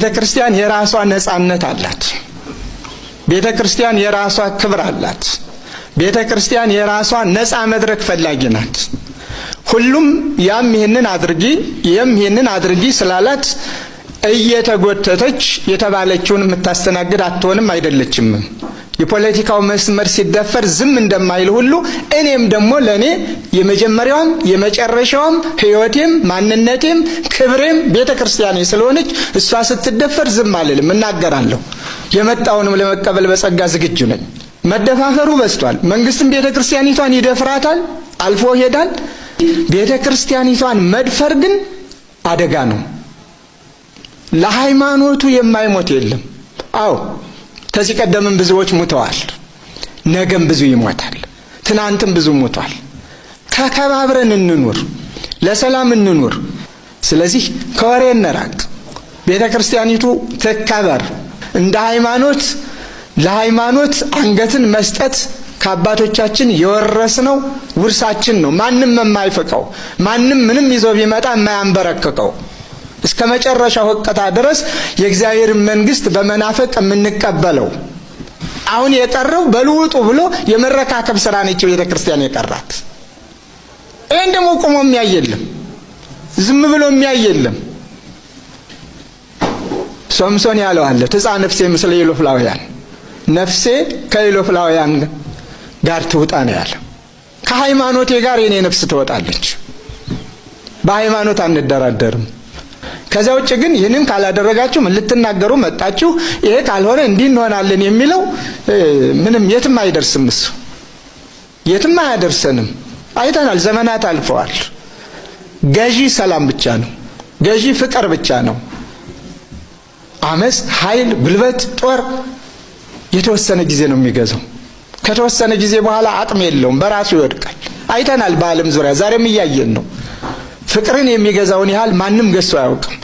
ቤተ ክርስቲያን የራሷ ነጻነት አላት። ቤተ ክርስቲያን የራሷ ክብር አላት። ቤተ ክርስቲያን የራሷ ነጻ መድረክ ፈላጊ ናት። ሁሉም ያም ይህንን አድርጊ ይህም ይህንን አድርጊ ስላላት እየተጎተተች የተባለችውን የምታስተናግድ አትሆንም፣ አይደለችም። የፖለቲካው መስመር ሲደፈር ዝም እንደማይል ሁሉ እኔም ደግሞ ለእኔ የመጀመሪያውም የመጨረሻውም ሕይወቴም ማንነቴም ክብሬም ቤተ ክርስቲያኔ ስለሆነች እሷ ስትደፈር ዝም አልልም፣ እናገራለሁ። የመጣውንም ለመቀበል በጸጋ ዝግጁ ነኝ። መደፋፈሩ በስቷል መንግስትም ቤተ ክርስቲያኒቷን ይደፍራታል፣ አልፎ ሄዳል። ቤተ ክርስቲያኒቷን መድፈር ግን አደጋ ነው። ለሃይማኖቱ የማይሞት የለም። አዎ ከዚህ ቀደምም ብዙዎች ሙተዋል። ነገም ብዙ ይሞታል። ትናንትም ብዙ ሙቷል። ተከባብረን እንኑር፣ ለሰላም እንኑር። ስለዚህ ከወሬ እንራቅ። ቤተ ክርስቲያኒቱ ትከበር። እንደ ሃይማኖት ለሃይማኖት አንገትን መስጠት ከአባቶቻችን የወረስነው ውርሳችን ነው። ማንም የማይፍቀው ማንም ምንም ይዞ ቢመጣ የማያንበረክቀው እስከ መጨረሻው ሕቅታ ድረስ የእግዚአብሔር መንግስት በመናፈቅ የምንቀበለው። አሁን የቀረው በልውጡ ብሎ የመረካከብ ስራ ነች ቤተ ክርስቲያን የቀራት። ይህን ደግሞ ቆሞ የሚያይ የለም፣ ዝም ብሎ የሚያይ የለም። ሶምሶን ያለው አለ ትጻ ነፍሴ ምስለ ኢሎፍላውያን ነፍሴ ከኢሎፍላውያን ጋር ትውጣ ነው ያለ። ከሃይማኖቴ ጋር የኔ ነፍስ ትወጣለች። በሃይማኖት አንደራደርም። ከዚያ ውጭ ግን ይህንን ካላደረጋችሁ ምን ልትናገሩ መጣችሁ፣ ይሄ ካልሆነ እንዲህ እንሆናለን የሚለው ምንም የትም አይደርስም። እሱ የትም አያደርሰንም። አይተናል፣ ዘመናት አልፈዋል። ገዢ ሰላም ብቻ ነው። ገዢ ፍቅር ብቻ ነው። አመፅ፣ ኃይል፣ ጉልበት፣ ጦር የተወሰነ ጊዜ ነው የሚገዛው። ከተወሰነ ጊዜ በኋላ አቅም የለውም፣ በራሱ ይወድቃል። አይተናል፣ በዓለም ዙሪያ ዛሬም እያየን ነው። ፍቅርን የሚገዛውን ያህል ማንም ገዝቶ አያውቅም።